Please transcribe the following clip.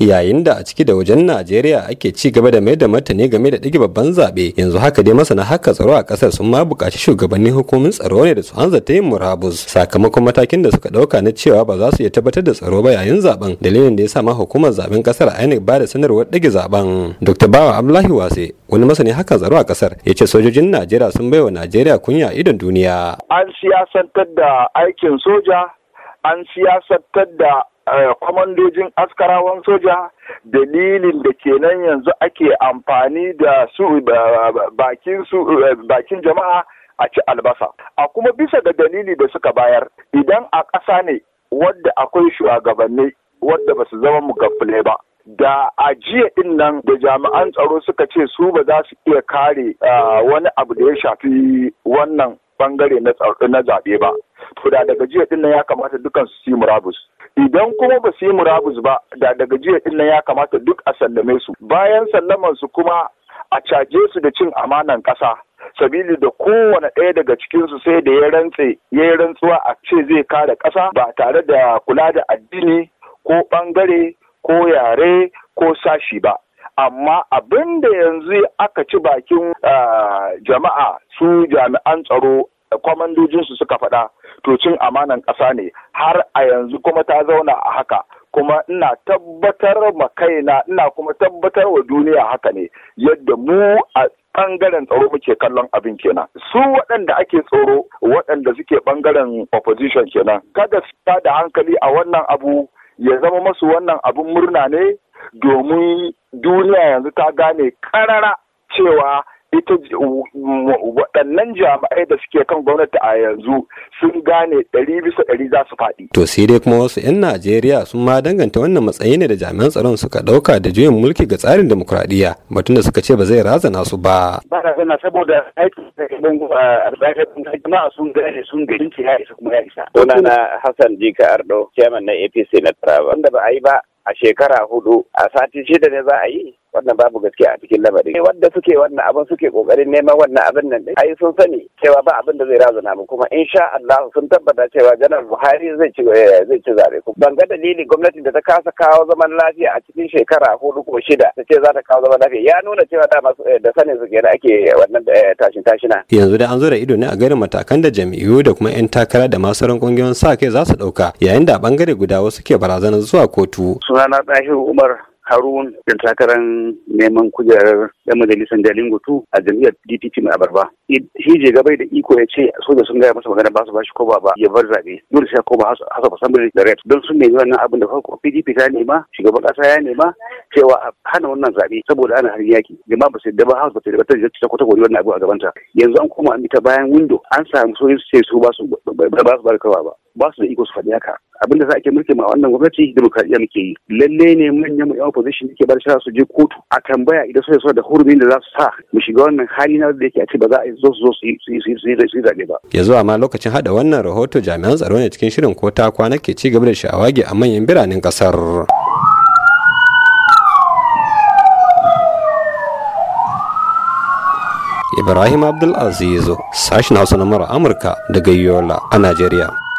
yayin da a ciki da wajen najeriya ake ci gaba da mai da martani game da ɗage babban zaɓe yanzu haka dai masana haka tsaro a ƙasar sun ma buƙaci shugabannin hukumin tsaro ne da su hanza ta yin murabus sakamakon matakin da suka ɗauka na cewa ba za su iya tabbatar da tsaro ba yayin zaben dalilin da ya sa ma hukumar zaɓen ƙasar inec ba da sanarwar ɗage zaben dr bawa abdullahi wase wani masani haka tsaro a ƙasar ya ce sojojin najeriya sun bai wa najeriya kunya idon duniya an siyasantar da aikin soja an siyasantar da kwamandojin askarawan soja dalilin da kenan yanzu ake amfani da su eh, bakin jama'a a ci albasa a kuma bisa ga dalili da suka bayar idan a ƙasa ne wadda akwai shugabanni wadda ba su zama mugafule ba da ajiya din nan da jami'an tsaro suka ce su ba za su iya kare ah, wani abu da ya shafi wannan bangare na zaɓe ba to da daga jiya din nan ya kamata dukan su yi murabus idan kuma ba su yi murabus ba da daga jiya din nan ya kamata duk a sallame su bayan sallaman su kuma a caje su da cin amanan ƙasa sabili da kowane ɗaya daga cikin su sai da ya rantse ya yi rantsuwa a ce zai kare ƙasa ba tare da kula da addini ko bangare ko yare ko sashi ba amma abin da yanzu aka ci bakin ah, jama'a su jami'an tsaro kwamandojinsu suka faɗa to cin amanan ƙasa ne har a yanzu kuma ta zauna a haka kuma ina tabbatar ma kaina ina kuma tabbatar wa duniya haka ne yadda mu a bangaren tsaro muke kallon abin kenan su waɗanda ake tsoro waɗanda suke bangaren opposition kenan kada su da hankali a wannan abu ya zama masu wannan abin murna ne domin duniya yanzu ta gane karara cewa ita waɗannan jami'ai da suke kan gwamnati a yanzu sun gane ɗari bisa ɗari za su faɗi. To sai dai kuma wasu 'yan Najeriya sun ma danganta wannan matsayi ne da jami'an tsaron suka ɗauka da juyin mulki ga tsarin demokuraɗiyya batun da suka ce ba zai razana su ba. Ba razana saboda aikin da ke jama'a sun gane sun gani ya isa kuma ya isa. na Hassan Jika Ardo, chairman na APC na Taraba. Wanda ba a yi ba a shekara hudu a sati shida ne za a yi wannan babu gaskiya a cikin lamarin eh, wanda suke wannan abin suke kokarin neman wannan abin nan din ai sun sani cewa ba abin da zai razana mu kuma insha Allah sun tabbata cewa janar Buhari zai ci eh, zai ci zabe ku ban ga dalili gwamnatin da ta kasa kawo zaman lafiya a cikin shekara hudu ko shida ta ce za ta kawo zaman lafiya ya nuna cewa dama eh, da sanin su kenan ake wannan tashin tashina yanzu da an zo da ido ne a garin matakan da jami'u da kuma yan takara da masu ran kungiyoyin sa kai za su ɗauka, yayin da bangare guda wasu ke barazanar zuwa kotu sunana Dahiru Umar harun dan takarar neman kujerar da majalisar jalin gutu a jam'iyyar dpp mai abarba hije gabai da iko ya ce soja sun gaya masa magana ba su ba shi ko ba ba ya bar zaɓe dole sai ko ba hasa da rat don sun nemi wannan abin da farko pdp ta nema shugaban ƙasa ya nema cewa a hana wannan zaɓe saboda ana harin yaki jama'a ba su yadda ba house ba ta yadda ta ta kwata wannan abu a gabanta yanzu an koma an bi ta bayan window an samu sojoji su ce su ba su ba su ba ba su da iko su faɗi haka abin da za a ke mulki ma wannan gwamnati demokradiyya muke yi lalle ne manyan mu yan opposition yake bar shara su je kotu a tambaya idan suka so da hurumin da za su sa mu shiga wannan hali na da yake a ce ba za a zo su zo su yi zaɓe ba. yanzu zuwa lokacin haɗa wannan rahoto jami'an tsaro ne cikin shirin ko ta kwana ke ci gaba da sha'awage a manyan biranen kasar. Ibrahim Aziz, sashen Hausa na Amurka daga Yola a Najeriya.